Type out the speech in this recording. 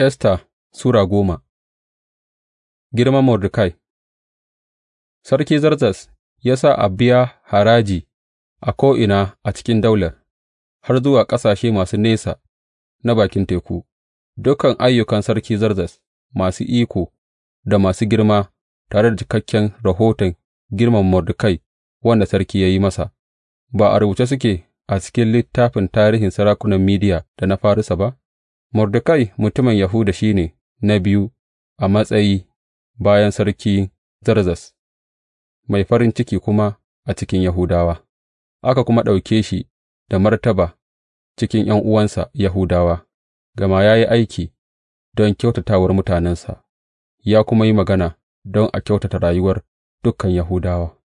Esta Sura goma Girman Mordekai Sarki Zarzas ya sa a biya haraji a ko'ina a cikin daular, har zuwa ƙasashe masu nesa na bakin teku, dukan ayyukan Sarki Zarzas masu iko da masu girma tare da cikakken rahoton girman Mordekai wanda sarki ya yi masa, ba a rubuce suke a cikin littafin tarihin sarakunan Midiya da na Farisa ba? Mordekai mutumin Yahuda shi ne na biyu a matsayi bayan Sarki Zerzes, mai farin ciki kuma a cikin Yahudawa, aka kuma ɗauke shi da martaba cikin ’yan'uwansa Yahudawa, gama ya yi aiki don kyautatawar mutanensa, ya kuma yi magana don a kyautata rayuwar dukan Yahudawa.